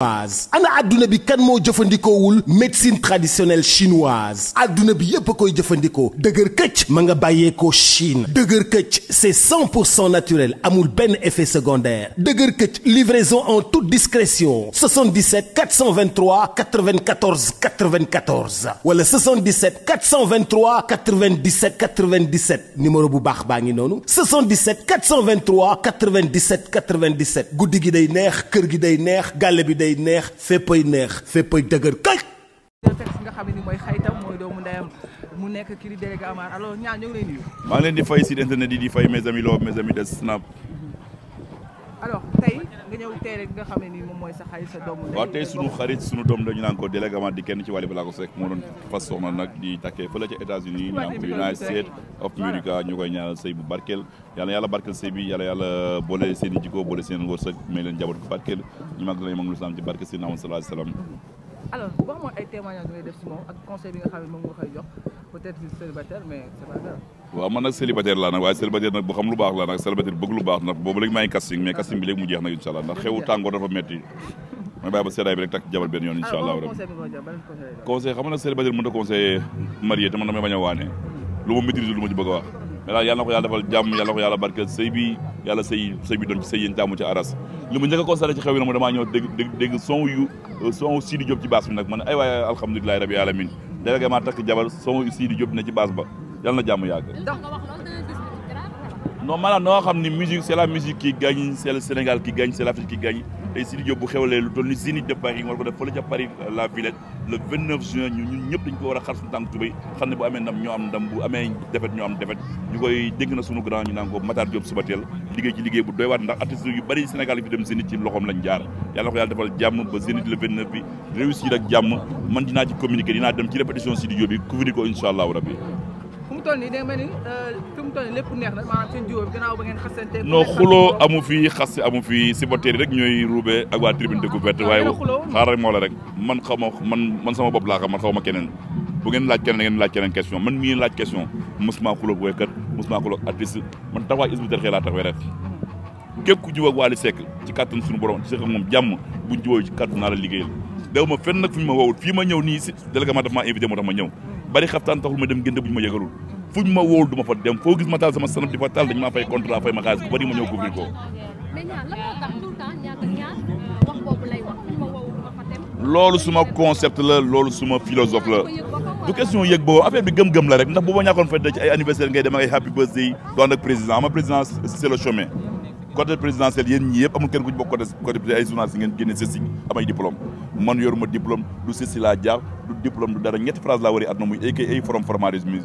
chinoise ana adduna bi kan moo jëfandikoowul médecine traditionnelle chinoise adduna bi yépp koy jëfandikoo dëgër këcc ma nga bàyyee bàyyeekoo Chine dëgër këcc c'est 100 pour cent naturel amul benn effet secondaire dëgër këcc livraison en toute discrétion 77 423 94 94 wala 77 423 97 97 numéro bu baax baa ngi noonu 77 423 97 97 guddi gi day neex kër gi day neex gàlle bi day day neex féppay neex féppay dëgër kay. nga xam ne mooy xaytam mooy mu ndeyam mu nekk kii di délégué Amar alors ñaar ñoo ngi lay nuyu. leen di fay site internet yi di fay mes amis Lo mes de Snap. alors tey nga moom mooy sa xarit sa doom. waaw tey sunu xarit sunu doom dañu naan ko délégué di kenn ci wàllu balaa ko rek moo doon fas soxna nag di takkee fële ca États-Unis ñu naan ko United States of America ñu koy ñaanal sëy bu barkeel yàlla yàlla barkeel sëy bi seen i jikko boole seen wërsëg may leen jabar bu ñu mag lañ mag lu seen amoon sallallahu alayhi alors boo xamoon ay témoignages ngay def si moom ak conseil bi nga xam ne nga koy lu baax laa nag célibataire lu baax nag boobu léegi maa ngi bi léegi mu jeex nag incha allah ndax tàngoor dafa metti ma bàyyi ba seddaay bi rek takk jabar benn yoon incha ah, allah conseil xam nga nag célibataire mën a conseiller waane lu ma maîtriser lu ma ci bëgg mais daal yàlla na ko yàlla defal jàmm yàlla na ko yàlla barkeel sëy bi yàlla sëy sëy bi doon ci sëy yéen jàmm ci aras li ma njëkk a constaté ci xew yi nag mo damaa ñëw dégg dégg dégg son yu euh, son Sidi ci baas bi nag man ay waaye alhamdulilahi rabi alamin délégué maa takk jabar son Sidi Diop ne ci baas ba yàlla na jàmm yàgg non maanaam noo xam ni musique c'est la musique qui gagne c'est le Sénégal qui gagne c'est l'Afrique qui gagne tey Sidi Diop lu toll ni Zénith de war ko def fële ca la Villette le 29 juin ñu ñun ñëpp dañ ko war a xar suñu tànk tubéy xam ne bu amee ndam ñoo am ndam bu amee defet ñoo am defet ñu koy dégg na sunu grand ñu naan ko Matar Diop Subatel liggéey ci liggéey bu doy waat ndax artistes yu bëri Sénégal yi fi dem Zénith ci loxoom lañ jaar yàlla na ko yàlla defal jàmm ba Zénith le 29 bi réussir ak jàmm man dinaa bi couvrir ko incha toll nii da nga mel ni euh, fi mu amu fi xas amu fi supporter rek ñooy ruube ak waa tribune découverte waaye xaaral rek moo la rek man xaw ma man man sama bopp laa xam man xaw ma keneen bu ngeen laaj keneen ngeen laaj keneen question man mii laaj question mosuma xuloo woykat mosuma xuloo artiste man taxawaay is bu terxee laa taxawee ret képp ku jiw ak Wally Seck ci kàttan suñu borom ci seq moom jàmm buñ jiwoo ci kàttan naa la liggéeyal dew ma fenn nag ñu ma wowul fii ma ñëw nii si délégué ma daf maa invité moo tax ma ñëw bari xaftaan taxul ma dem gënte bu ñu ma yëgalul fuñ ma wóol du ma fa dem foo gis ma taal sama sanam di fa taal dañ maa fay contrat fay ma xaalis bu bari ma ñëw couvrir ko. loolu suma concept la loolu suma philosophe la du question yëg boobu affaire bi gëm-gëm la rek ndax bu ma ñàkkoon fay ci ay anniversaire ngay dem ak ay happy birthday yi doon ak président ama président c'est côté présidentiel yéen ñi yëpp kenn ku ci bokk côté côté ay journalistes yi ngeen génne ceci amay diplôme man yoruma diplôme du ceci laa jaar du diplôme du dara ñetti phrase laa war a àdduna muy ay ay forum formaris eh,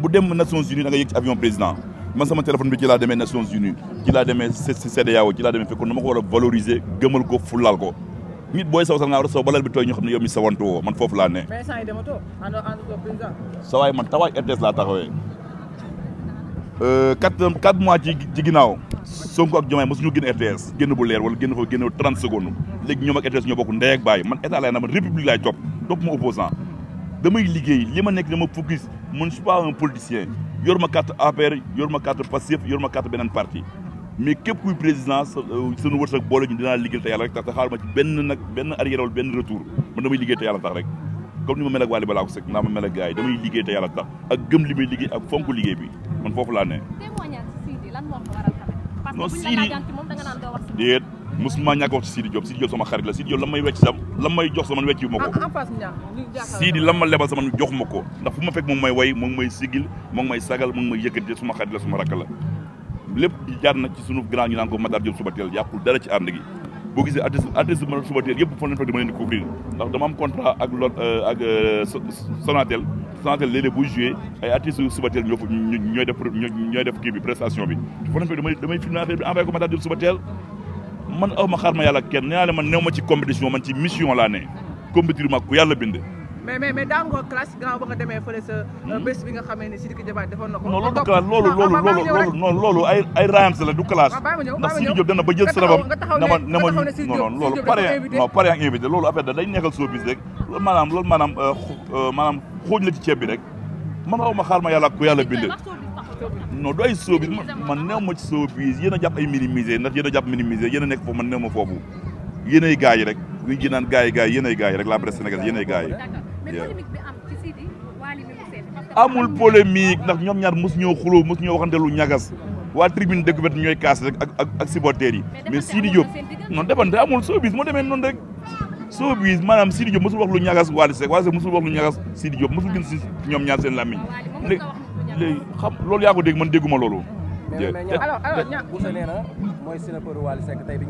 bu dem Nations Unies da nga avion président man sama téléphone bi ci laa Nations Unies ci laa demee CEDEAO ci laa demee fekkoon na ma ko ko fulaal ko nit booy saw sax nga war a saw balal bi tooy ñu xam ne yow mi sawantu woo man foofu laa yi dama toog ànd ànd laa taxawee. Euh, quatre quatre mois ci ci ginnaaw. Sonko ak Diomaye mosu ñu génn RTS génn bu leer wala génn fa génn 30 secondes. léegi ñoom ak RTS ñoo bokk ndey baay man état laay na man république laay topp topp ma opposant damay liggéey li ma nekk dama focus man je suis pas un yor ma carte APR yor ma carte Pastef yor ma carte beneen parti. mais képp kuy président sunu euh, wërsëg boole ñi dinaa liggéey te rek tax te xaar ma ci benn nag benn arrière wala benn retour man damay liggéey te yàlla tax rek comme ni ma mel ak Wally Ballago Seck naa ma mel dama gars yi damay liggéey te tax ak gëm li may liggéey ak fonk liggéey bi man foofu laa ne. non Sidi déet mosuma ñàkk wax ci Sidi Diop Sidi Diop xarit la Sidi Diop lan may wecc sam lan may jox sama wecc yu ma ko Sidi lan ma lebal sama jox ma ko ndax fu ma fekk moom moom may sigil moom may sagal moom may yëkkati suma xarit la suma rakk la lépp jaar na ci sunu grand ñu naan ko Matar Diop Subatel yàqul dara ci ànd gi boo gisee artiste artiste bi ma Subatel yëpp fan lañ fekk dama leen ndax dama am ak lo euh, ak euh, Sonatel Sonatel léeg-léeg ay artistes yu Subatel ñoo ñooy def ñooy def kii bi prestation bi fan lañ fekk damay ma xaar yàlla kenn nee naa leen man néew ma ci compétition man ci mission laa ne compétir ma ku yàlla bind mais mais mais daan nga classe gannaaw ba nga demee fële sa. Euh, hmm? loolu du classe loolu loolu loolu loolu ay ay raams du classe. ndax Sidiki Diop dana ba jël sërëbam. nama nama non non loolu pare non pare ak loolu affaire da day rek loolu maanaam loolu la euh, euh, ci ceeb bi rek man xaw ma xaar ma yàlla ku yàlla bind. non du ay showbiz man néew ma ci showbiz yéen a jàpp ay minimisé ndax yéen a jàpp minimisé yéen a nekk foofu man néew ma foofu yéenay gars yi rek ñu ngi naan gars yi gars yi yéenay yi rek la presse sénégalaise yéenay gars yi amul polémique nax ñoom ñaar mos ñoo xuloo mos ñoo waxante lu ñagas waa tribune découverte ñooy kaas rek ak ak ak supporters yi mais Sidi Diop non defante amul showbiz moo demee noonu rek showbiz maanaam Sidi Diop mosul wax lu ñagas Wally Seck Wally Seck mosul wax lu ñagas Sidi Diop mosul gën si ñoom ñaar seen làmmiñ léegi xam loolu yaa ko dégg man dégguma loolu. mooy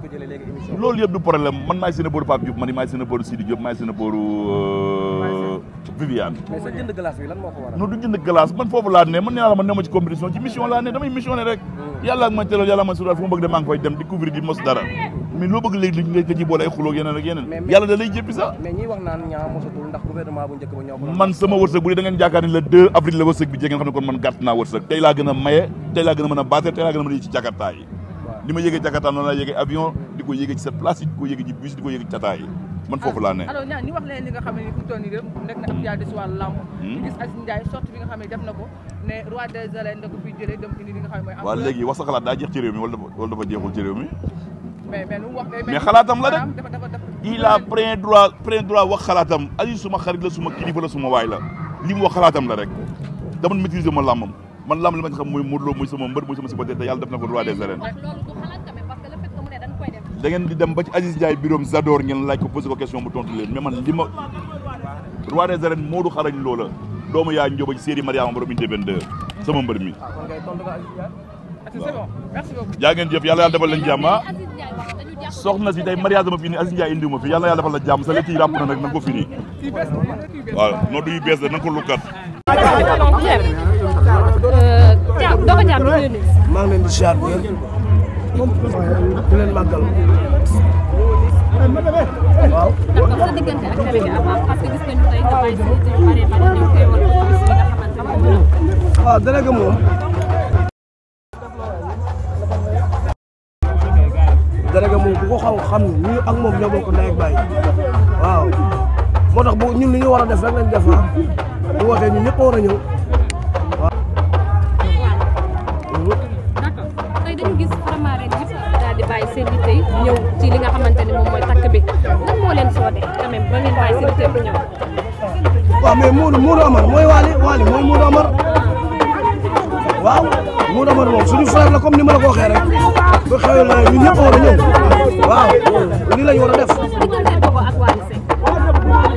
loolu yëpp du problème man maay Sinapooru Pape Diouf man maay Sinapooru Sidi Diop maay Sinapooru euh, Viviane mais du jënd glace man foofu laa man nee la man ne ma compétition ci mission laa ne damay missionné rek hmm. yàlla ak ma teeloon yàlla ma sural ma bëgg de maa ngi dem di couvrir di mos dara mais loo bëgg léegi nga nga boole ay xulóog yeneen ak yeneen yàlla da lay jéppi sax man sama wërsëg bu dee da ngeen jaakaar ni avril la wërsëg bi jege ne a li ma yëgee Jakarta noonu laa yëgee avion di ko yëgee sa place ko yëgee ci bus di ko yëgee ci man foofu laa ne wax leen li nga xam ne ni fu mu toll nii nekk na ab hmm? ko ne léegi wax sa xalaat daa jeex ci réew mi wala wala dafa jeexul ci réew mais mais lu mu wax a plein droit plein droit wax xalaatam Aziz suma xarit suma kilifa la suma waay la li mu wax xalaatam la rek dama maîtriser ma làmbam man lam li ma ci xam muy Modou Lo muy sama mbër muy sama supporter te yàlla def na ko roi des arènes da ngeen di dem ba ci Aziz Ndiaye biroom Zador ngeen laaj ko posé ko question mu tontu leen mais man li ma roi des arènes Modou xarañ loola doomu yaa njóoba ci série Mariama borom inde sama mbër mi ah, ah, jaa ngeen yàlla yàlla defal leen jàmm ah. soxna si tey mariage ma fii nii Aziz Ndiaye indi ma fi yàlla yàlla defal la jàmm sa létt yi ràpp na nag na nga ko fii nii waaw noo duyu bees maa ngi leen di ziar bu wér ñu li moom. ku ko xaw xam ni ak moom ñoo bokk ndey ak baay moo tax bu ñun li ñu war a def rek lañ def ah bu wootee ñun xamaa ren ñëpp daal di bàyyi seen yitte yi ñëw ci li nga xamante ne moom mooy takk bi lan moo leen soodee quand même ba ngeen bàyyi seen yitte bu ñëw. waaw mais Mourou Mourou mooy Waly Waly mooy Mourou Amar waaw Mourou Amar moom suñu frère la comme ni ma la ko waxee rek bu xewee la ñun ñëpp war a ñëw waaw lii lañ war def.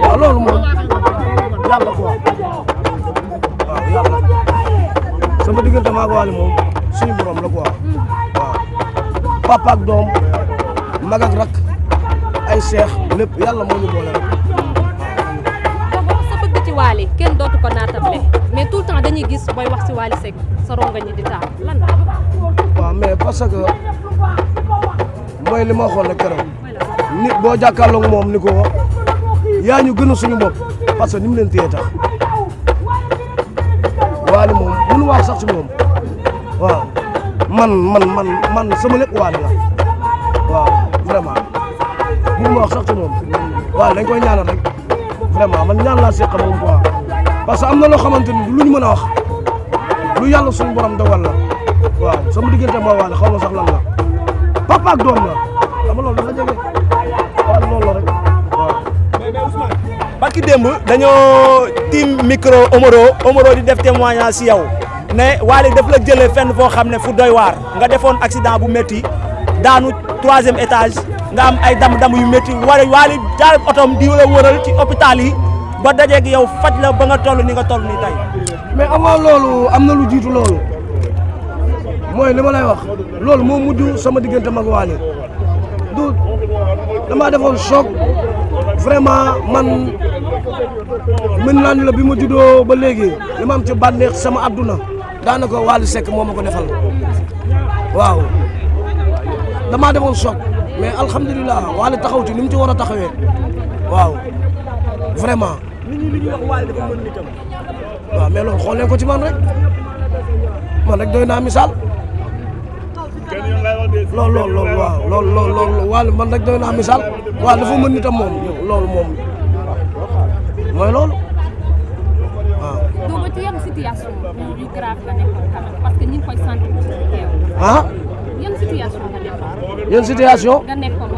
waaw loolu moom yàlla ko waaw yàlla suñu borom la ko papa ak doom mag ak ay seex lépp yàlla moo ñu boole rek. sa bëgg ci Wally kenn dootu ko naatable mais tout le temps dañuy gis booy wax ci Wally Seck sa rongañ di taal la. mais parce que mooy li ma xool boo jàkkaarloog moom ni ko yaa ñu gën suñu bopp parce que nim mu leen téye tax Wally moom mënu wax sax moom. man man man man sama lépp waane la waaw vraiment bu ma wax sax ci moom waaw dañ koy ñaanal rek vraiment man ñaan laa seq moom quoi parce que am na loo xamante ni lu ñu mën a wax lu yàlla suñu borom dogal la waaw sama diggante moo waane xaw ma sax lan la papa ak doom la xam nga loolu dafa jege waaw loolu la rek waaw. barki démb dañoo tiim micro Omaro Omaro di def témoignage si yow. ne Wally daf la jëlee fenn foo xam ne fu doy waar nga defoon accident bu métti daanu troisième étage nga am ay dam-dam yu metti wala Wally daal otom di la wëral ci hôpital yi ba dajee gi yow faj la ba nga toll ni nga toll ni tey. mais avant loolu am na lu jiitu loolu mooy li ma lay wax loolu moo mujj sama diggante mag Wally du damaa defoon choc vraiment man mën naa ni la bi ma juddoo ba léegi li ma am ci bànneex sama adduna. daanaka Wally Seck moo ma ko defal waaw damaa demoon choc mais alhamdulilah Wally taxaw ci ni mu ci war a taxawee waaw vraiment. nit ñi li ñuy wax Wally dafa mën nitam. waaw mais loolu xoolee ko ci man rek man rek doy naa misaal. loolu loolu loolu waaw loolu loolu loolu Wally man rek doy naa misaal waaw dafa mën nitam moom loolu moom mooy loolu. situation yu grave nga ah. yan situation nga nekkoon.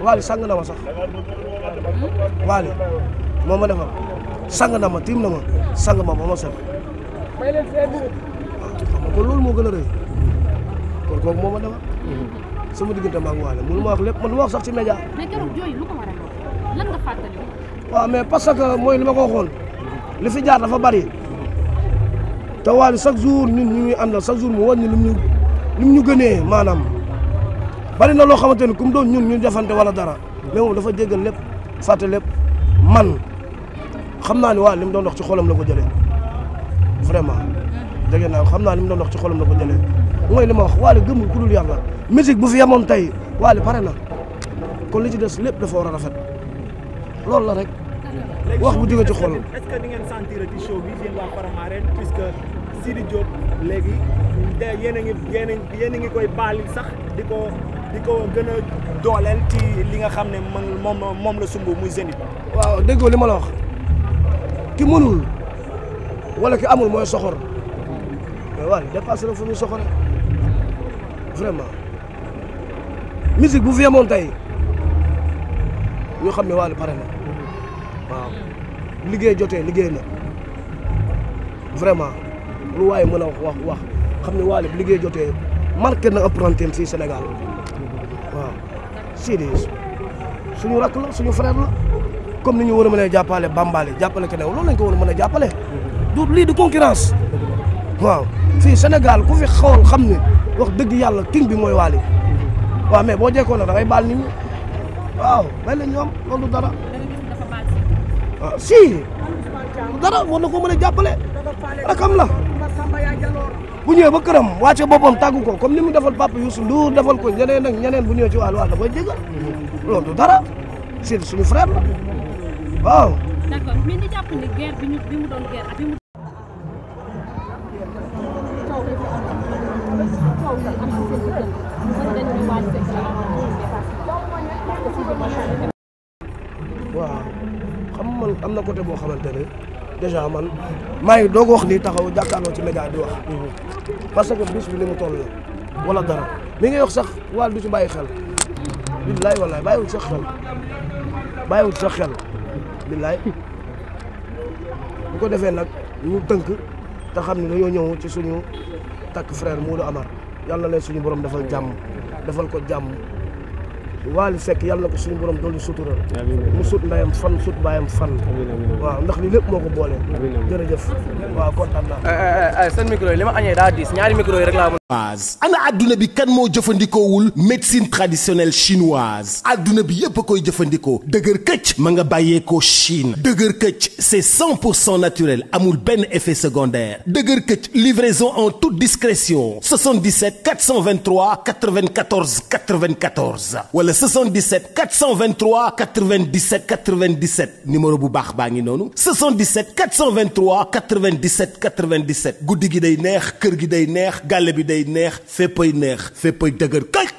yan na ma sax. Wally moo ma defar sang na ma tiim na ma sang ma ba loolu moo gën a rëy kon kooku moo ma defar. sama diggante maa ngi Wally mënu ma wax lépp man ma wax sax ci média. mais keroog waaw mais parce que mooy li ma li fi jaar dafa bari te Wally chaque jour ñun ñu ngi àndal chaque jour mu wàññi lim ñu lim ñu gënee maanaam bari na loo xamante ni kum doon ñun ñu jafante wala dara mais dafa jéggal lépp fàtte lépp man xam naa ni waal li mu doon dox ci xoolam la ko jëlee vraiment jege naa xam naa li mu doon dox ci xolam la ko jëlee mooy li ma wax Wally ku dul yàlla musique bu fi yemoon tey Wally pare na kon li ci des lépp dafa war a rafet loolu la rek. wax bu jóge ci xol. est-ce que di ngeen sentir ci show bi yéen waa Faramaren puisque Sidi léegi yéen a ngi yéen a ngi koy baali sax di ko di ko gën a dooleel ci li nga xam ne man moom moom la sumb muy Zénith. waaw déggoo li ma la wax ki mënul wala ki amul mooy soxor mais waaye dépassé na fu muy soxore vraiment musique bu fi yemoon tey ñu xam ne waaye pare na. waaw liggéey jotee liggéey na vraiment lu waaye mën a wax wax xam ne Wally liggéey jotee marqué na empreinteem si Sénégal waaw Sidi suñu rakk la suñu frère la comme ni ñu war a mën a jàppale bambale jàppale keneen loolu lañ ko war a mën a jàppale du lii du concurrence waaw fii Sénégal ku fi xool xam ne wax dëgg yàlla king bi mooy Wally waaw mais boo jekkoon nag da ngay baal nit ñi waaw may la ñoom loolu dara Ah, si dara war na ko mën a jàppale rakam la bu ñëwee ba këram wàcce boppam tàggu ko comme ni mu defal papa Youssou Ndour defal ko ñeneen ak ñeneen bu ñëwee ci wàllu wàll da koy jégal loolu du dara si suñu frère la waaw. am na côté boo xamante ne déjà man maa ngi doog wax lii taxaw jàkkaarloo ci média di wax. parce que bis bi ni mu toll la wala dara mi ngi wax sax wàll du ci bàyyi xel. billaay wallaay bàyyiwul sax xel sax xel billaay bu ko defee nag ñu tënk te xam ne dañoo ñëw ci suñu takk frère Modou Amar yàlla na leen suñu borom defal jàmm defal ko jàmm. Waly Seck yàlla na ko suñu borom dolli sutura mu sut ndayam fan sut baayam fan waaw ndax lii lépp moo ko boole jërëjëf waaw kontaan naa eh, eh, eh, seen micro li ma añee daa diis ñaari micro rek laa chinoise ana adduna bi kan moo jëfandikoowul médecine traditionnelle chinoise adduna bi yépp koy jëfandikoo dëgër këcc ma nga bàyyeekoo Chine dëgër këcc c'est cent pour cent naturel amul benn effet secondaire dëgër këcc livraison en toute discrétion 77 423 94 94 wala 77 423 97 97 numéro bu baax baa ngi noonu 77 423 97 97 guddi gi day neex kër gi day neex gàlle bi day day neex féppay neex féppay dëgër kay